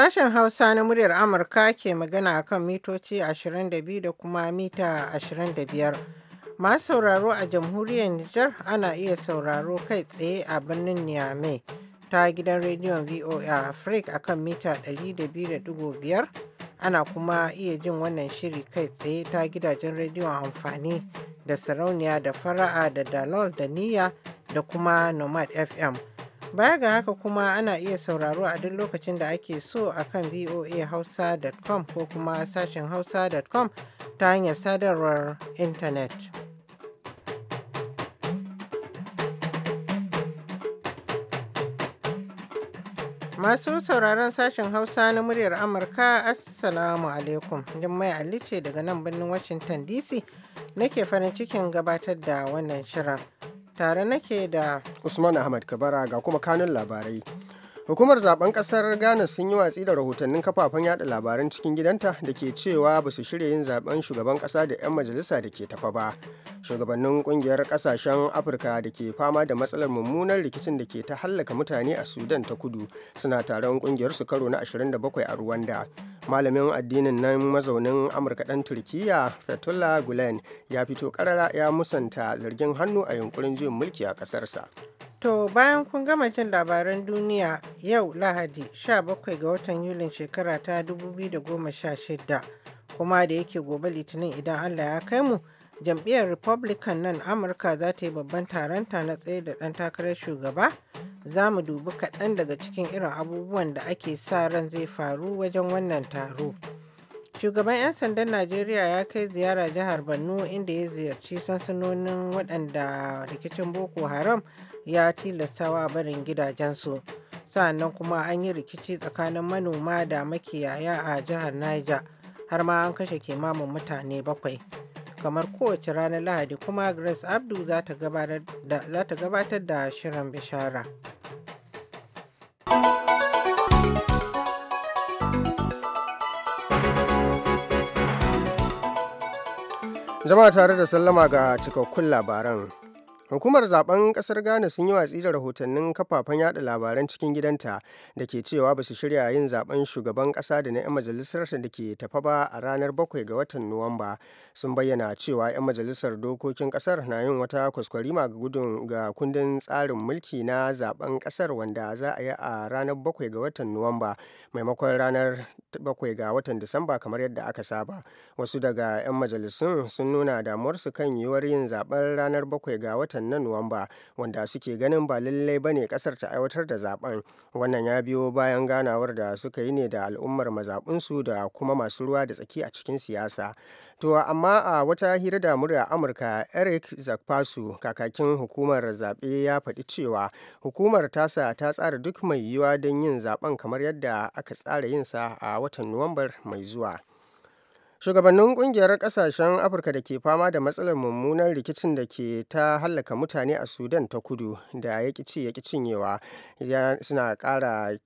Sashen Hausa na muryar Amurka ke magana a kan mitoci 22 da kuma mita 25. Masu sauraro a jamhuriyar Nijar ana iya sauraro kai tsaye a birnin Niamey ta gidan rediyon VOA Africa akan mita 200.5 ana kuma iya jin wannan shiri kai tsaye ta gidajen rediyon amfani da sarauniya da fara'a da dalol da niyya da kuma nomad fm Baya ga haka kuma ana iya sauraro a duk lokacin da ake so a kan voahausa.com ko kuma sashen hausa.com ta hanyar sadarwar intanet. Masu sauraron sashen Hausa na muryar Amurka, Assalamu alaikum. Jummai Ali ce daga nan birnin Washington DC nake farin cikin gabatar da wannan shirin. tare nake da Usman Ahmad Kabara ga kuma kanun labarai. hukumar zaben kasar ghana sun yi watsi da rahotannin kafafen yada labaran cikin gidanta da ke cewa ba su shirya yin zaben shugaban kasa da 'yan majalisa da ke tafa ba shugabannin kungiyar kasashen afirka da ke fama da matsalar mummunar rikicin da ke ta hallaka mutane a sudan ta kudu suna taron kungiyar su karo na 27 a rwanda malamin addinin nan mazaunin amurka dan turkiya fetullah gulen ya fito karara ya musanta zargin hannu a yunkurin juyin mulki a kasarsa To bayan kun gama jin labaran duniya yau Lahadi 17 ga watan Yulin shekara ta 2016 kuma da yake gobe litinin idan Allah ya kai mu jam'iyyar Republican nan Amurka za ta yi babban taronta na tsaye da ɗan takarar shugaba za mu dubi kaɗan daga cikin irin abubuwan da ake sa ran zai faru wajen wannan taro. Shugaban 'yan sandan Najeriya ya kai ziyara jihar Borno inda ya ziyarci sansanonin waɗanda rikicin Boko Haram ya tilastawa barin gidajensu sa'annan kuma an yi rikici tsakanin manoma da makiyaya a jihar niger har ma an kashe kimamin mutane bakwai kamar kowace ranar lahadi kuma grace abdu za ta gabatar da shirin bishara jama'a tare da sallama ga cikakkun labaran hukumar zaben kasar ghana sun yi watsi da rahotannin kafafen yada labaran cikin gidanta da ke cewa ba su shirya yin zaben shugaban kasa da na 'yan majalisar da ke tafa ba a ranar 7 ga watan nuwamba sun bayyana cewa 'yan majalisar dokokin kasar na yin wata kwaskwarima ga gudun ga kundin tsarin mulki na zaben kasar wanda za a yi a ranar 7 ga watan nuwamba maimakon ranar 7 ga watan disamba kamar yadda aka saba wasu daga 'yan majalisun sun nuna damuwarsu kan yiwuwar yin zaben ranar 7 ga watan watan na nuwamba wanda suke ganin ba lallai ba ne kasar ta aiwatar da zaben wannan ya biyo bayan ganawar da suka yi ne da al'ummar mazaɓinsu da kuma masu ruwa da tsaki a cikin siyasa To amma a wata hira da murya Amurka Eric Zakpasu kakakin hukumar zaɓe ya faɗi cewa hukumar tasa ta tsara duk mai yiwuwa don yin zaben kamar yadda aka tsara yinsa a watan Nuwambar mai zuwa. shugabannin kungiyar kasashen afirka da ke fama da matsalar mummunar rikicin da ke ta hallaka mutane a sudan ta kudu da ya ci ya cinyewa suna kara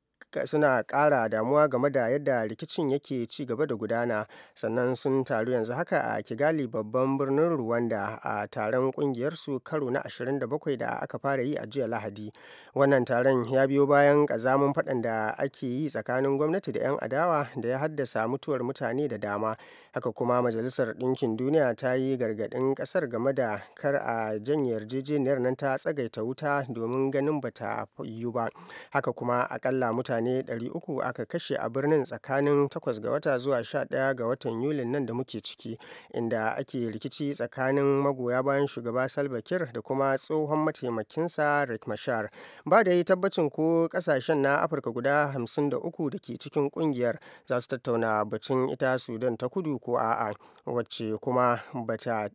ƙara damuwa game da yadda rikicin yake ci gaba da gudana sannan sun taru yanzu haka a kigali babban birnin rwanda a taron ƙungiyarsu karo na 27 da aka fara yi a jiya lahadi wannan taron ya biyo bayan kazamun faɗan da ake yi tsakanin gwamnati da 'yan adawa da ya haddasa mutuwar mutane da dama haka kuma majalisar ɗinkin duniya ta yi gargaɗin ƙasar game da kar a janye yarjejeniyar nan ta tsagaita wuta domin ganin ba bata yiwu ba haka kuma akalla mutane 300 aka kashe a birnin tsakanin 8 ga wata zuwa 11 ga watan yulin nan da muke ciki inda ake rikici tsakanin magoya bayan shugaba salva kiir da kuma tsohon mataimakinsa rick mashar ba da yi tabbacin ko kasashen na afirka guda 53 da ke cikin kungiyar za su tattauna batun ita sudan ta kudu ko a'a wacce kuma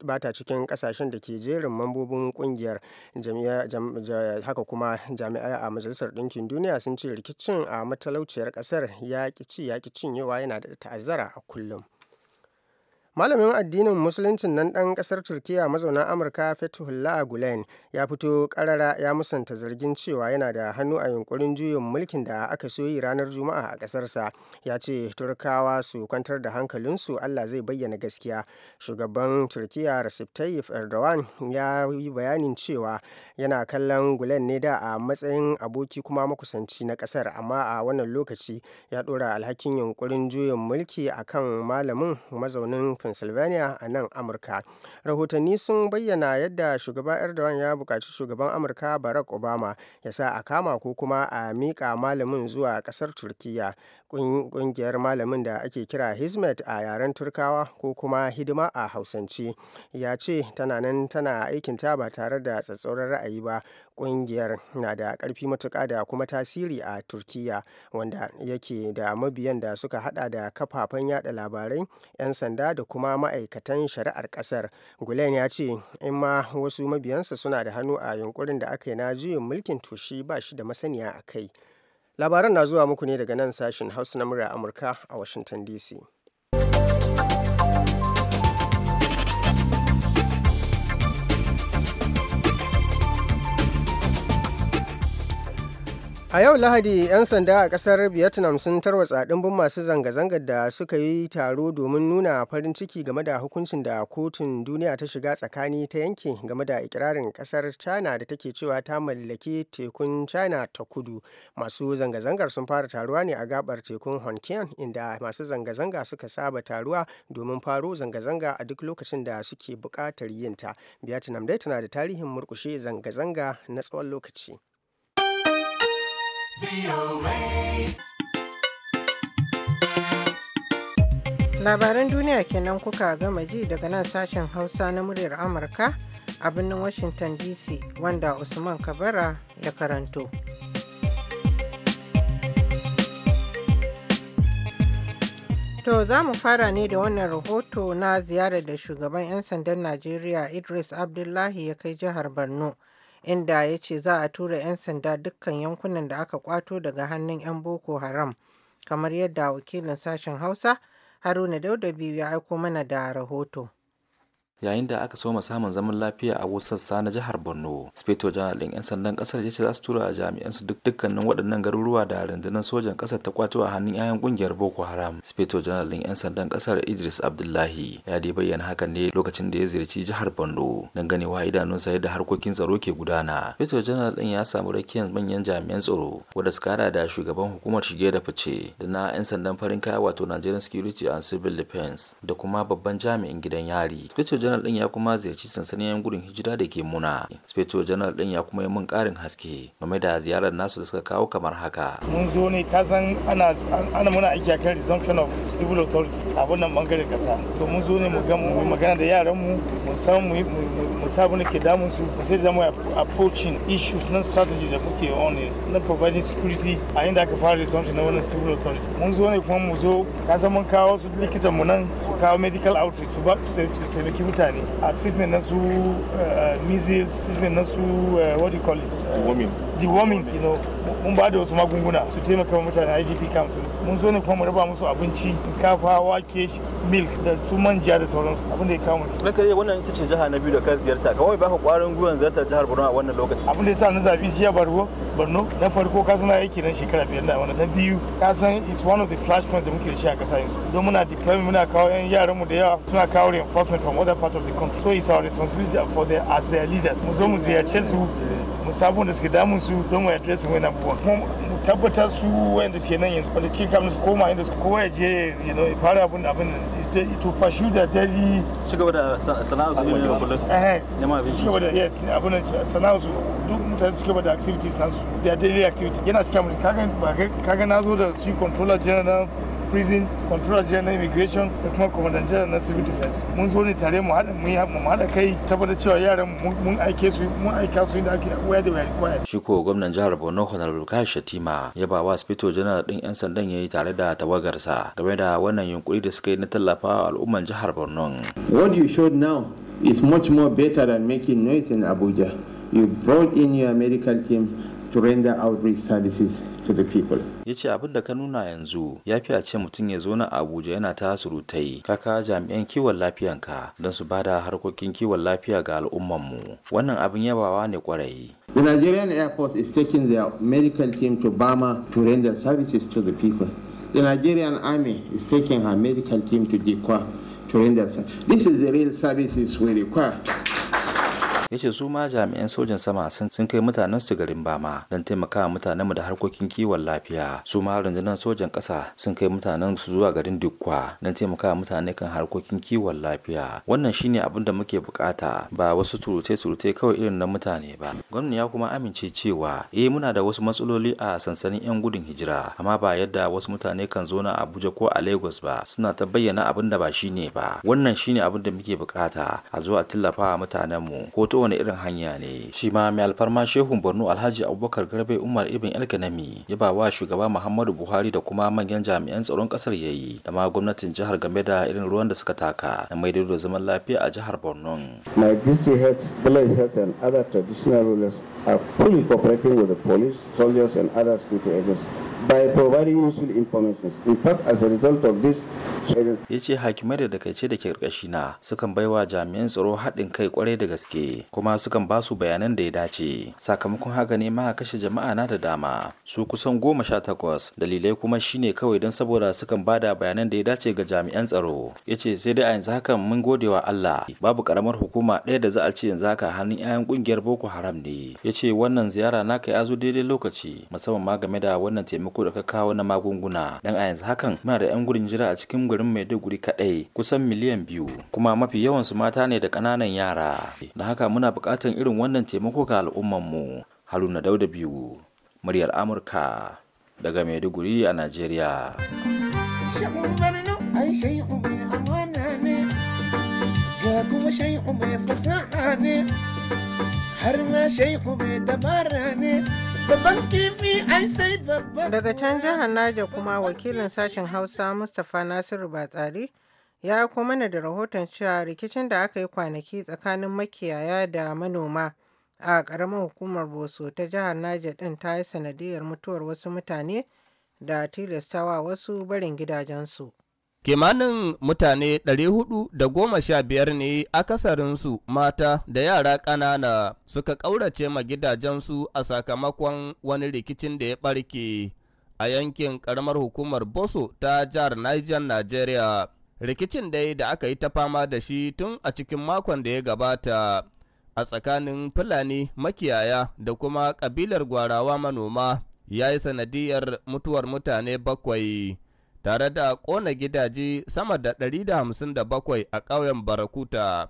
ba ta cikin kasashen da ke jerin mambobin kungiyar haka kuma jami'ai a majalisar ɗinkin duniya sun ce rikicin a matalauciyar ƙasar ya ci ya cinyewa yana da ta'azzara a kullum. malamin addinin musuluncin nan ɗan ƙasar turkiya mazauna amurka fethullah gulen ya fito ƙarara ya musanta zargin cewa yana da hannu a yunkurin juyin mulkin da aka soyi ranar juma'a a ƙasarsa ya ce turkawa su kwantar da hankalinsu allah zai bayyana gaskiya shugaban turkiya recep tayyip erdogan ya yi bayanin cewa yana kallon gulen ne da a matsayin aboki kuma makusanci na ƙasar amma a wannan lokaci ya ɗora alhakin yunkurin juyin mulki akan malamin mazaunin pennsylvania a nan amurka rahotanni sun bayyana yadda shugaba erdogan ya bukaci shugaban amurka barack obama ya sa a kama ko kuma a miƙa malamin zuwa ƙasar turkiya kungiyar malamin da ake kira hizmet a yaren turkawa ko kuma hidima a hausance ya ce tana nan tana aikinta ba tare da tsatsauran ra'ayi ba kungiyar na da karfi matuka da kuma tasiri a turkiya wanda yake da mabiyan da suka hada da kafafen yada labarai 'yan sanda da kuma ma'aikatan shari'ar kasar gulen ya ce in ma wasu mabiyansa suna da hannu a yunkurin da aka yi na juyin mulkin tushe ba shi da masaniya a kai labaran na zuwa muku ne daga nan sashen hausa na murya amurka a washington dc A yau Lahadi, 'yan sanda a ƙasar Vietnam sun tarwatsa ɗimbin masu zanga-zangar da suka yi taro domin nuna farin ciki game da hukuncin da kotun duniya ta shiga tsakani ta yanke game da ikirarin ƙasar China da take cewa ta mallaki tekun China ta kudu. Masu zanga-zangar sun fara taruwa ne a gabar tekun Honkian inda masu zanga-zanga suka saba taruwa domin faro zanga-zanga a duk lokacin da suke buƙatar ta Vietnam dai tana da tarihin murkushe zanga-zanga na tsawon lokaci. Labaran duniya kenan kuka gama ji daga nan sashen Hausa na muryar Amurka a birnin Washington DC wanda Usman Kabara ya karanto. To za mu fara ne da wannan rahoto na ziyarar da shugaban 'yan sandan Najeriya Idris Abdullahi ya kai jihar Borno inda ya ce za a tura 'yan sanda dukkan yankunan da aka kwato daga hannun 'yan boko haram kamar yadda wakilin sashen hausa haruna daudabi ya aiko mana da rahoto yayin da aka soma samun zaman lafiya a wasu sassa na jihar borno spato janar din 'yan sandan ƙasar ya ce za su tura a jami'an su duk dukkanin waɗannan garuruwa da rundunar sojan kasar ta kwato a hannun 'ya'yan ƙungiyar boko haram spato janar din 'yan sandan kasar idris abdullahi ya dai bayyana hakan ne lokacin da ya ziyarci jihar borno don ganewa idanunsa yadda harkokin tsaro ke gudana spato janar din ya samu rakiyar manyan jami'an tsaro wanda suka hada da shugaban hukumar shige da fice da na 'yan sandan farin kaya wato nigerian security and civil defense da kuma babban jami'in gidan yari janar ɗin ya kuma ziyarci sansanin yan gudun hijira da ke muna inspector janar ɗin ya kuma yi mun ƙarin haske game da ziyarar nasu da suka kawo kamar haka mun zo ne ka ana ana muna aiki akan resumption of civil authority a wannan bangaren kasa to mun zo ne mu ga mu magana da yaran mu mu san mu mu sabu ne ke damun su mu sai da mu approaching issues na strategies da kuke on na providing security a inda aka fara resumption na wannan civil authority mun zo ne kuma mu zo san mun kawo su likitan mu nan su kawo medical outreach su ba su taimaki mutane a treatment na su eh, eh, measles treatment na su eh, what do you call it deworming you know mun ba da wasu magunguna su taimaka wa mutane idp camps mun zo ne kuma mu raba musu abinci kafa wake milk da su manja da sauransu abin da ya kawo mutum na kare wannan ita ce jiha na biyu da ka ziyarta kawai ka kwarin gwiwan ziyartar jihar borno a wannan lokaci abin da ya sa na zabi jiya borno borno na farko ka sana aiki nan shekara biyar na wani na biyu ka san is one of the flash points da muke da shi a ƙasa yanzu don muna deployment muna kawo yan yaran mu da yawa suna kawo reinforcement from other part of the country so it's our responsibility for their as their leaders mu zo mu ziyarce su mu sabon da suke damun su don mu address wani abubuwan kuma mu tabbatar su wayanda suke nan yanzu wanda suke kamun su koma inda su kowa ya je you know fara abun abin to pursue da dadi su ci gaba da sana'a su eh gaba da yes sana'a su duk mutane su gaba da activities nasu da daily activity yana cikin kaga kaga da su controller general prison controller general immigration da kuma commandant general na civil defense mun zo ne tare mu haɗa mu haɗa kai tabbatar cewa yaran mun aike su mun aika su inda ake where they were required shi ko gwamnan jihar Borno Honorable Kai Shatima ya ba wa hospital general din yan sandan yayi tare da tawagarsa game da wannan yunkuri da suka yi na tallafa al'umman jihar Borno what you showed now is much more better than making noise in Abuja you brought in your medical team to render outreach services to the people. Ya ce abin da ka nuna yanzu ya fi a ce mutum ya zo na Abuja yana ta surutai kaka jami'an kiwon lafiyanka don su bada harkokin kiwon lafiya ga al'ummanmu. Wannan abin yabawa ne kwarai. The Nigerian Air Force is taking their medical team to Burma to render services to the people. The Nigerian Army is taking her medical team to Dikwa to render services. This is the real services we require. ya ce su ma jami'an sojan sama sun kai mutanen su garin bama don taimaka mutanen mu da harkokin kiwon lafiya su ma rundunar sojan ƙasa sun kai mutanen su zuwa garin dukwa don taimaka mutane kan harkokin kiwon lafiya wannan shine abin da muke bukata ba wasu turute turute kawai irin na mutane ba gwamnati ya kuma amince cewa eh muna da wasu matsaloli a sansanin yan gudun hijira amma ba yadda wasu mutane kan zo na abuja ko a lagos ba suna ta bayyana abin da ba shine ba wannan shine abin da muke bukata a zo a tallafa mutanen mu ko to wani irin hanya ne shi ma mai alfarma shehun borno alhaji abubakar garbe umar ibn elkanami ya ba wa shugaba muhammadu buhari da kuma manyan jami'an tsaron kasar ya yi da ma gwamnatin jihar game da irin ruwan da suka taka na mai da zaman lafiya a jihar borno my dc heads village heads and other traditional rulers are fully cooperating with the police soldiers and other security agencies by providing useful information. In fact, as a result of this, ya ce hakimai da dakaice da ke na sukan baiwa jami'an tsaro haɗin kai kwarai da gaske kuma sukan ba su bayanan da ya dace sakamakon haka ne ma kashe jama'a na da dama su kusan goma sha takwas dalilai kuma shine kawai don saboda sukan ba da bayanan da ya dace ga jami'an tsaro ya ce sai dai a yanzu haka mun gode wa Allah babu karamar hukuma ɗaya da za a ce yanzu haka hannun 'ya'yan ƙungiyar Boko Haram ne ya ce wannan ziyara na kai zo daidai lokaci musamman ma game da wannan taimako farko da ka kawo na magunguna dan a yanzu hakan muna da yan gudun jira a cikin garin maiduguri kadai kusan miliyan biyu kuma mafi yawan su mata ne da kananan yara da haka muna buƙatar irin wannan taimako ga al'ummar mu haruna dauda biyu muryar amurka daga maiduguri a najeriya kuma mai fasaha ne har ma mai dabara ne Babban kifi an sai babban. Daga can jihar Naja kuma wakilin sashen Hausa Mustapha Nasiru Batsari ya kuma mana da rahoton cewa rikicin da aka yi kwanaki tsakanin makiyaya da manoma a ƙaramin hukumar Boso ta jihar Naja ɗin ta yi sanadiyar mutuwar wasu mutane da tilastawa wasu barin gidajensu. Kimanin mutane ɗari da goma sha biyar ne akasarinsu mata da yara ƙanana suka ƙaurace ma gidajensu a sakamakon wani rikicin da ya ɓarke a yankin ƙaramar hukumar Boso ta jihar Niger, Najeriya. Rikicin dai da aka yi ta fama da shi tun a cikin makon da ya gabata a tsakanin Fulani makiyaya da kuma ƙabilar gwarawa manoma ya yi sanadiyar mutuwar mutane bakwai. tare da ƙona gidaje sama da 157 a ƙauyen Barakuta.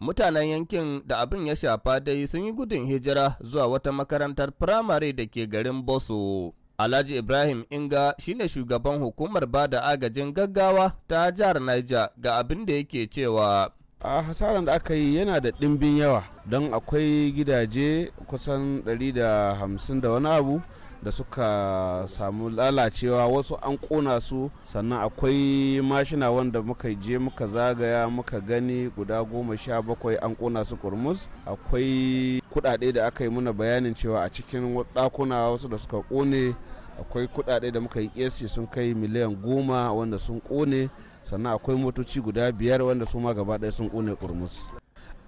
Mutanen yankin da abin ya shafa dai sun yi gudun hijira zuwa wata makarantar firamare da ke garin Boso. Alhaji Ibrahim Inga shine shugaban hukumar bada agajin gaggawa ta jihar Niger ga abin da yake cewa. a hasaran da aka yi yana da ɗimbin yawa don akwai gidaje kusan 150 da wani abu da suka samu lalacewa wasu an kona su sannan akwai mashina wanda muka je muka zagaya muka gani guda goma sha bakwai an kona su kurmus akwai kudade da aka yi muna bayanin cewa a cikin dakuna wasu da suka kone akwai kudade da muka yi kesi sun kai miliyan goma wanda sun kone sannan akwai motoci guda biyar wanda su ma gaba ɗaya sun kone kurmus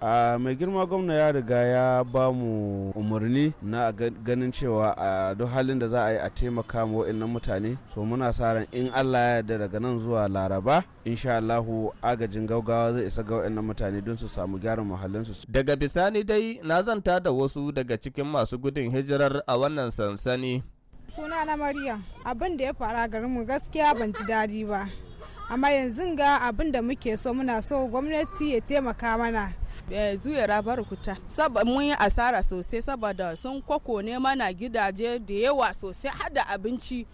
a mai girma gwamna ya riga ya ba mu umarni na ganin cewa a duk halin da za a yi a taimaka ma wa'annan mutane so muna sa ran in allah ya yarda daga nan zuwa laraba insha allahu agajin gaugawa zai isa ga wa'annan mutane don su samu gyaran su. daga bisani dai na zanta da wasu daga cikin masu gudun hijirar a wannan sansani suna na maryam abin da ya fara garin mu gaskiya ban ji daɗi ba amma yanzu ga abin da muke so muna so gwamnati ya taimaka mana Eh, zuwa rabar kuta mun yi asara sosai saboda sun kwako ne mana gidaje da yawa sosai hada abinci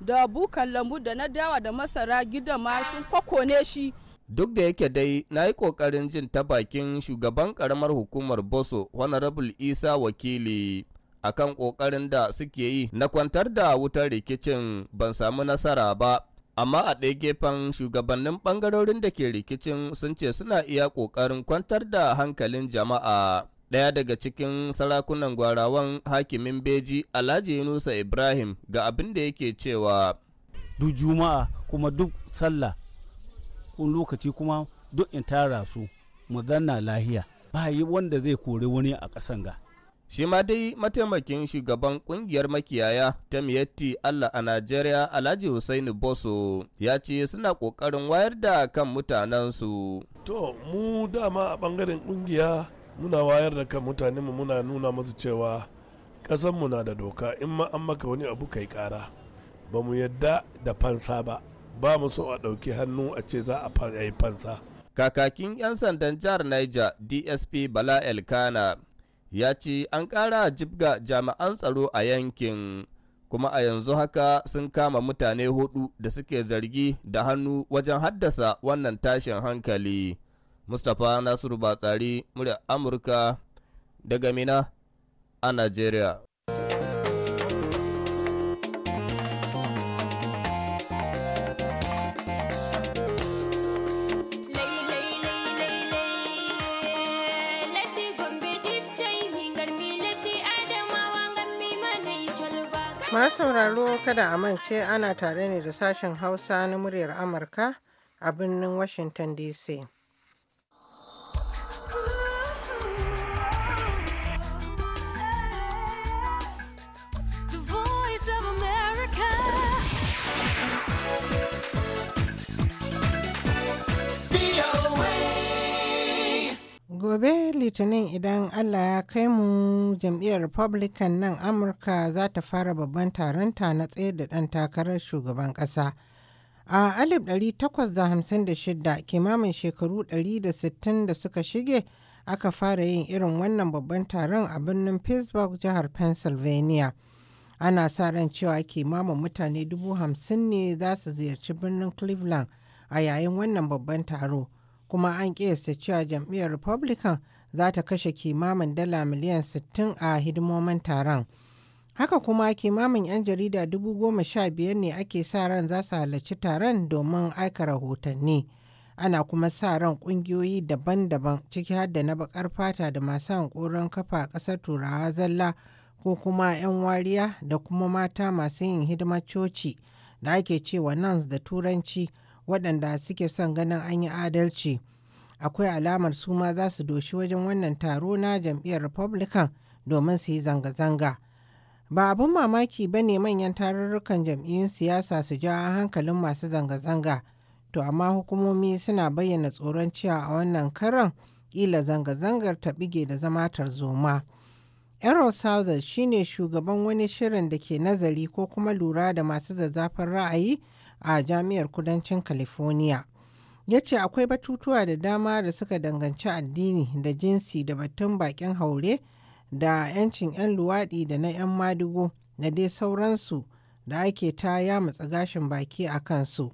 da bukan lambu da na dawa da masara gida ma sun kwako ne shi duk da yake dai na yi kokarin jin ta bakin shugaban karamar hukumar boso honorable isa wakili akan kokarin da suke yi na kwantar da wutar rikicin ban samu nasara ba amma a ɗaya gefen shugabannin ɓangarorin da ke rikicin sun ce suna iya ƙoƙarin kwantar da hankalin jama'a ɗaya daga cikin sarakunan gwarawan hakimin beji alhaji yunusa ibrahim ga abin da yake cewa duk juma'a kuma duk sallah kun lokaci kuma duk in tara su mu zanna lahiya ba yi wanda zai kori wani a ƙasan ga Shi ma dai mataimakin shugaban kungiyar makiyaya ta Miyatti Allah a Najeriya Alhaji Hussaini Boso ya ce suna ƙoƙarin wayar da kan mutanensu. To, mu dama a bangaren kungiya muna wayar da kan mutanenmu muna nuna musu cewa ƙasanmu na da doka in ma an maka wani abu kai ƙara. Ba mu yadda da fansa ba, ba mu so a ɗauki hannu a ce za a yi fansa. Kakakin 'yan sandan jihar Niger DSP Bala Elkana ya ce an ƙara jibga jami'an tsaro a yankin kuma a yanzu haka sun kama mutane hudu da suke zargi da hannu wajen haddasa wannan tashin hankali mustapha nasiru batsari murya amurka daga mina a nigeria sauraro kada a mance ana tare ne da sashen Hausa na muryar Amurka a birnin Washington DC. Gobe Litinin idan Allah ya kai mu jam'iyyar Republican nan Amurka za ta fara babban taronta na tsaye da ɗan takarar shugaban ƙasa. A 1856 kimamin shekaru 160 da suka shige aka fara yin irin wannan babban taron a birnin Pittsburgh jihar Pennsylvania. Ana sa ran cewa kimamin mutane dubu hamsin ne za su ziyarci birnin Cleveland a yayin wannan babban taro. kuma an kiyasta cewa jam'iyyar republican za ta kashe kimamin dala miliyan 60 a hidimomin taron haka kuma kimamin 'yan jarida dubu goma sha biyar ne ake sa ran za su halarci taron domin aika rahotanni ana kuma sa ran ƙungiyoyi daban-daban ciki har da na baƙar fata da masu hankoron kafa ƙasar turawa zalla ko kuma 'yan wariya da kuma mata masu yin hidimar coci da ake cewa nuns da turanci waɗanda suke son ganin an yi adalci akwai alamar su ma za su doshi wajen wannan taro na jam'iyyar republican domin su yi zanga-zanga ba abin mamaki ba ne manyan tarurrukan jam'iyyun siyasa su ja hankalin masu zanga-zanga to amma hukumomi suna bayyana tsoron cewa a wannan karan ƙila zanga-zangar ta bige da zama tarzoma. Errol Southern shine shugaban wani shirin da ke nazari ko kuma lura da masu zazzafin ra'ayi a jami'ar kudancin california ya ce akwai batutuwa da dama da suka danganci addini da jinsi da batun bakin haure da 'yancin 'yan luwaɗi da na 'yan madugo da dai sauransu da ake ta ya matsa gashin baki a kansu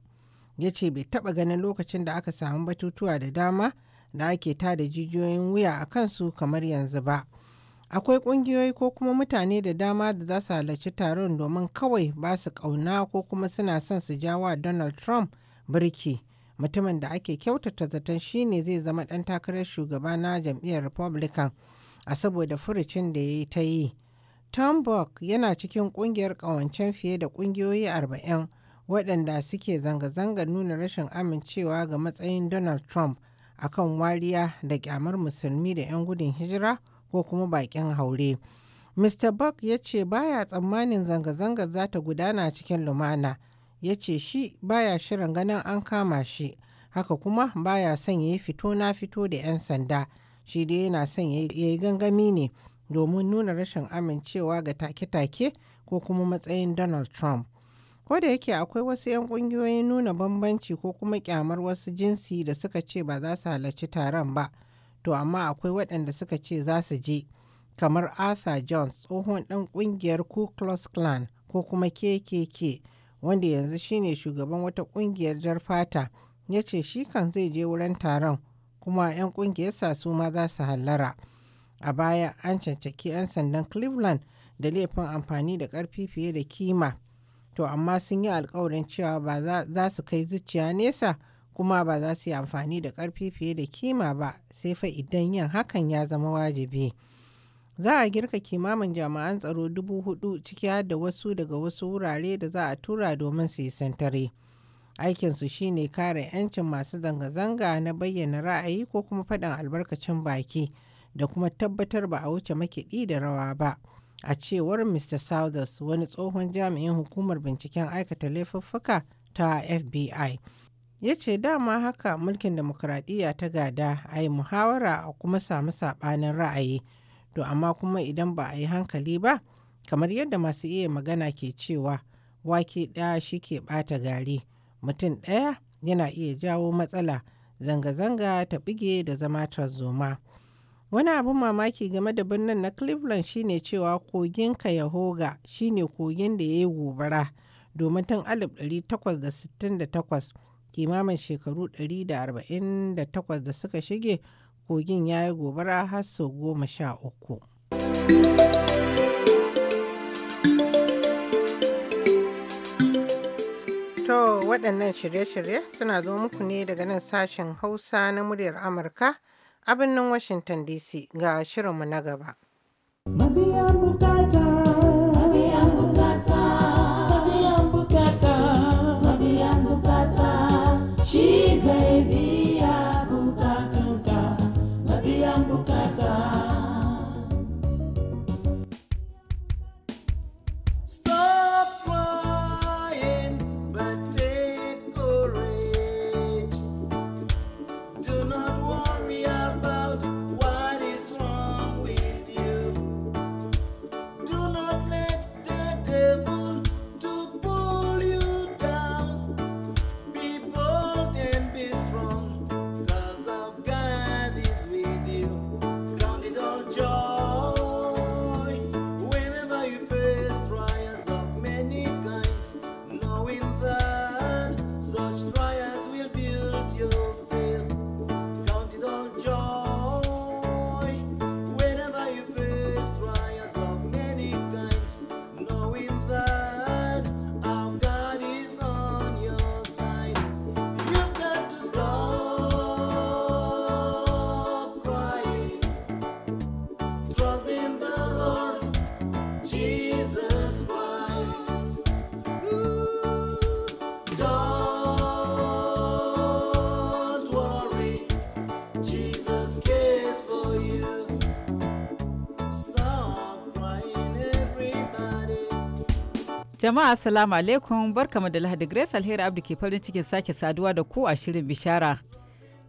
ya ce bai taɓa ganin lokacin da aka samu batutuwa da dama da ake ta da jijiyoyin wuya a kansu kamar yanzu ba. Akwai ƙungiyoyi ko kuma mutane da dama da za su halarci taron domin kawai ba su ƙauna ko kuma suna son su ja wa Donald Trump birki. Mutumin da ake kyautata zaton shine zai zama ɗan takarar shugaba na jam'iyyar Republican a saboda furucin da ya yi ta yi. Tom buck yana cikin ƙungiyar ƙawancen fiye da ƙungiyoyi arba'in. waɗanda suke zanga-zanga nuna rashin amincewa ga matsayin Donald Trump akan wariya da kyamar musulmi da 'yan gudun hijira ko kuma bakin haure. Mr. Buck ya ce baya tsammanin zanga-zangar za ta gudana cikin lumana. Ya ce shi baya shirin ganin an kama shi, haka kuma baya son ya yi fito na fito da 'yan sanda. Shi dai yana son ya yi gangami ne domin nuna rashin amincewa ga take-take ko kuma matsayin Donald Trump. Ko da yake akwai wasu 'yan ƙungiyoyin nuna bambanci ko kuma kyamar wasu jinsi da suka ce ba za su halarci taron ba. to amma akwai waɗanda suka ce za su je kamar arthur jones tsohon ɗan ƙungiyar ku klux klan ko kuma kkk wanda yanzu shine shugaban wata ƙungiyar jar fata ya ce shi kan zai je wurin taron kuma 'yan ƙungiyarsa su ma za su hallara a baya an cancaki 'yan sandan cleveland da laifin amfani da ƙarfi fiye da kima to amma sun yi alkawarin cewa ba za su kai zuciya nesa kuma ba za su yi amfani da ƙarfi fiye da kima ba sai fa idan yin hakan ya zama wajibi. Za a girka kimamin jami'an tsaro dubu hudu ciki har da wasu daga wasu wurare da za a tura domin su yi santare. Aikinsu shine kare 'yancin masu zanga-zanga na bayyana ra'ayi ko kuma faɗin albarkacin baki da kuma tabbatar ba a wuce makiɗi da rawa ba. A cewar Mr. Southers wani tsohon jami'in hukumar binciken aikata laifuffuka ta FBI. ya ce dama haka mulkin demokuraɗiyya ta gada a yi muhawara a kuma samu saɓanin ra'ayi to amma kuma idan ba a yi hankali ba kamar yadda masu iya magana ke cewa wake ɗaya shi ke ɓata gari mutum ɗaya yana iya jawo matsala zanga-zanga ta ɓige da zama tarzoma wani abin mamaki game da birnin na cleveland shine cewa kogin cuyahoga shine kogin da ya yi gobara domin tun 1868 kimamin shekaru 148 da suka shige kogin ya yi gobara har sau goma sha uku. To waɗannan shirye-shirye suna zo muku ne daga nan sashen Hausa na muryar Amurka a birnin Washington DC ga shirinmu na gaba. Jama'a assalamu alaikum barkamu da Lahadi Grace Alheri Abdu ke farin cikin sake saduwa da ku a shirin bishara.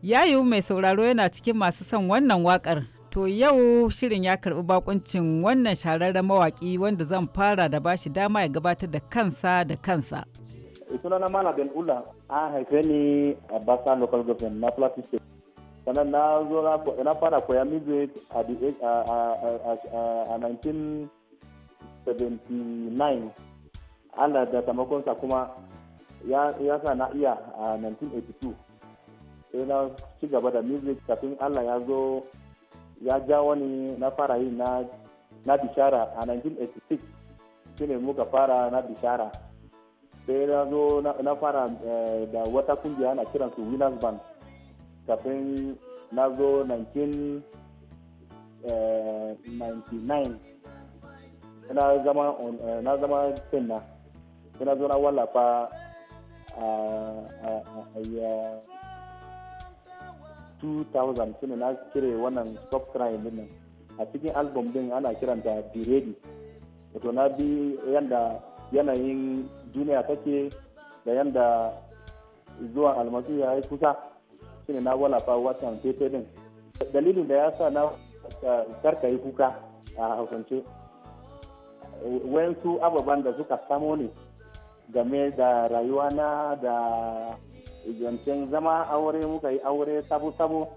Yayu mai sauraro yana cikin masu son wannan wakar. To yau shirin ya karbi bakuncin wannan shararren mawaki wanda zan fara da bashi dama ya gabatar da kansa da kansa. Sunana Mala Ben Ula a haife ni a Basa Local Government na Plateau State. Sannan na zo na fara koya music a 1979 Allah da taimakonsa kuma ya sa na iya a 1982 sai na ci gaba da music kafin Allah ya zo ya ja wani na fara yi na bishara a 1986 shine muka fara na bishara sai na zo na fara eh, da wata kungiya na kiransu winners band kafin na zo 1999 eh, na zama eh, na suna na zo na wallafa a 2000 suna na kira wannan stop crime din nan a cikin album din ana kiranta be ready wato na bi yanda yanayin duniya take da yanda zuwan almasu ya yi kusa shine na wallafa watan pepe din dalilin da ya sa na karka yi kuka a hausance wayansu ababen da suka samo ne game da rayuwana da igancin zama aure muka yi aure sabo-sabo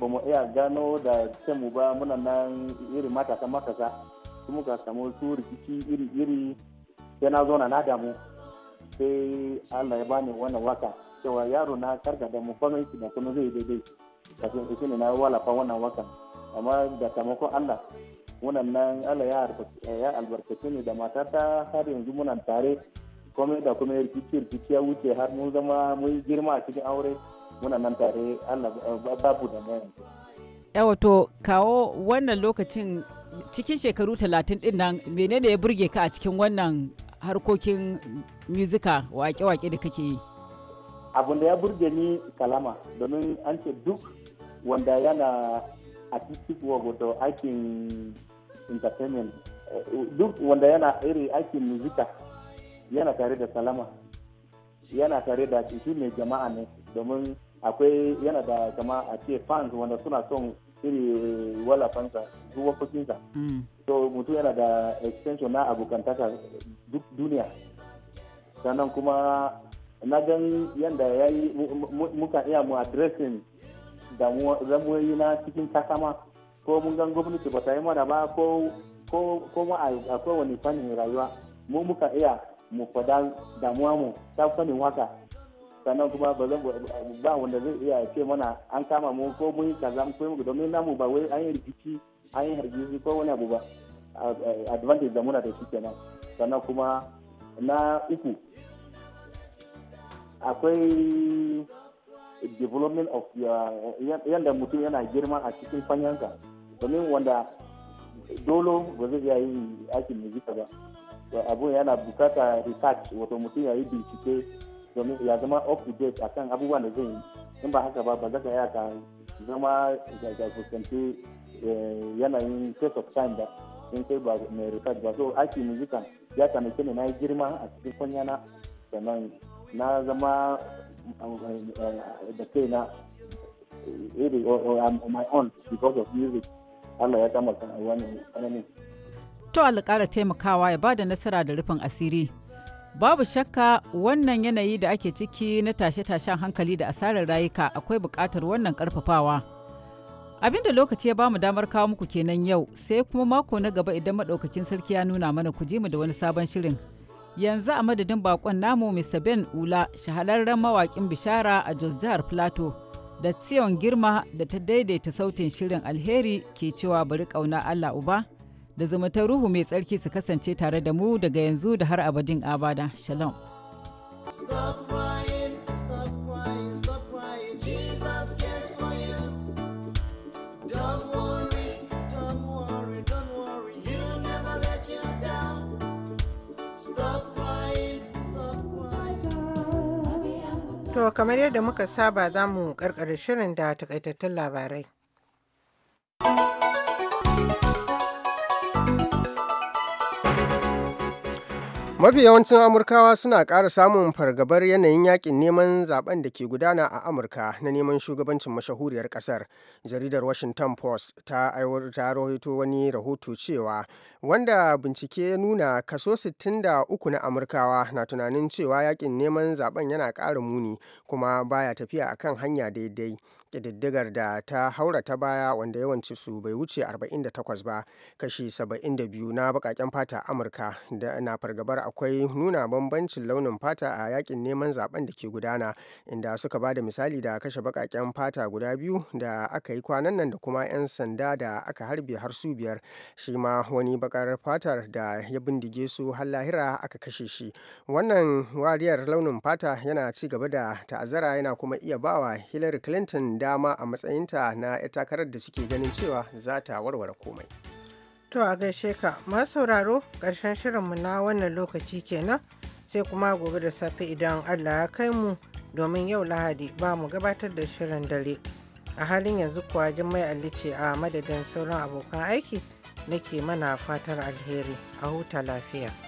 ba mu iya gano da mu ba muna nan irin matasa matasa su muka samu su rikici iri-iri sai na zona na damu sai allah ya bani wannan waka cewa yaro na karga da mu fagen shi da kuma zai daidai kafin shi ne na walafa wannan waka amma da taimakon allah wannan nan allah ya albarkace ne da matata har yanzu muna tare komai da kuma rikici rikici ya wuce har mun zama mun girma a cikin aure muna nan tare Allah babu da mai yawa to kawo wannan lokacin cikin shekaru talatin din nan menene ya burge ka a cikin wannan harkokin muzika wake-wake da kake yi abin da ya burge ni kalama domin an ce duk wanda yana artistic work wato aikin entertainment eh, duk wanda yana iri aikin muzika yana tare da salama yana tare da shi mai jama'a ne domin akwai yana da kama a ce fans wanda suna son iri wala fansa zuwa wakokinsa mm. so mutum yana da extension na abokantaka duk duniya sannan kuma na gan yadda ya yi muka iya mu addressing damuwoyi na cikin kasama ko mun gan gwamnati ba ta yi mana ba ko ko ma a kowane fannin rayuwa mu muka iya mu faɗa damuwa mu ta fani waka sannan kuma ba zan ba wanda zai iya ce mana an kama mu ko mun kaza mu koyi mu domin namu ba wai an yi rikici an yi hargitsi ko wani abu ba advantage da muna da shi kenan sannan kuma na uku akwai development of yadda mutum yana girma a cikin fanyanka domin wanda dolo ba zai iya yin aikin muzika ba abun yana bukata research wato mutum ya yi bincike domin ya zama up to date akan abubuwan da zai yi in ba haka ba ba za ka yi ka zama ga fuskanci eh, yanayin case of time ba in kai ba mai research ba so aiki musikan ya tanake ne na yi girma a cikin kwanyana sannan na zama eh, da kaina iri eh, my own because of music Allah ya kama wannan tsananin to Allah taimakawa ya ba da nasara da rufin asiri. Babu shakka wannan yanayi da ake ciki na tashe-tashen hankali da asarar rayuka akwai buƙatar wannan ƙarfafawa. abinda lokaci ya ba mu damar kawo muku kenan yau sai kuma mako na gaba idan maɗaukakin sarki ya nuna mana ku ji mu da wani sabon shirin. Yanzu a madadin bakon namu Mr. Ben Ula shahararren mawakin bishara a Jos Jihar Plateau da Tsiyon Girma da ta daidaita sautin shirin alheri ke cewa bari kauna Allah Uba. da zumuntar ruhu mai tsarki su kasance tare da mu daga yanzu da har abadin abada shalom To kamar yadda muka saba za mu karkare shirin da takaitattun labarai. mafi yawancin amurkawa suna ƙara samun fargabar yanayin yakin neman zaben da ke gudana a amurka na neman shugabancin mashahuriyar ƙasar jaridar washington post ta ta wani rahoto cewa wanda bincike ya nuna kaso 63 na amurkawa na tunanin cewa yakin neman zaben yana ƙara muni kuma baya tafiya akan hanya daidai diddigar da ta haura ta baya wanda yawanci su bai wuce 48 ba kashi 72 na baƙaƙen fata amurka da na fargabar akwai nuna bambancin launin fata a yakin neman zaben da ke gudana inda suka ba da misali da kashe baƙaƙen fata guda biyu da aka yi kwanan nan da kuma 'yan sanda da aka harbe har su biyar shi ma wani bakar fatar da ya bindige su har lahira aka kashe shi wannan wariyar launin fata yana ci gaba da ta'azzara yana kuma iya bawa hillary clinton da dama a matsayinta na 'ya takarar da suke ganin cewa za ta warware komai. To a gaishe ka ma sauraro ƙarshen shirinmu na wannan lokaci kenan sai kuma gobe da safe idan Allah ya kai mu domin yau Lahadi ba mu gabatar da shirin dare. A halin yanzu kuwa jin mai ce a madadin sauran abokan aiki nake mana fatar alheri a huta lafiya.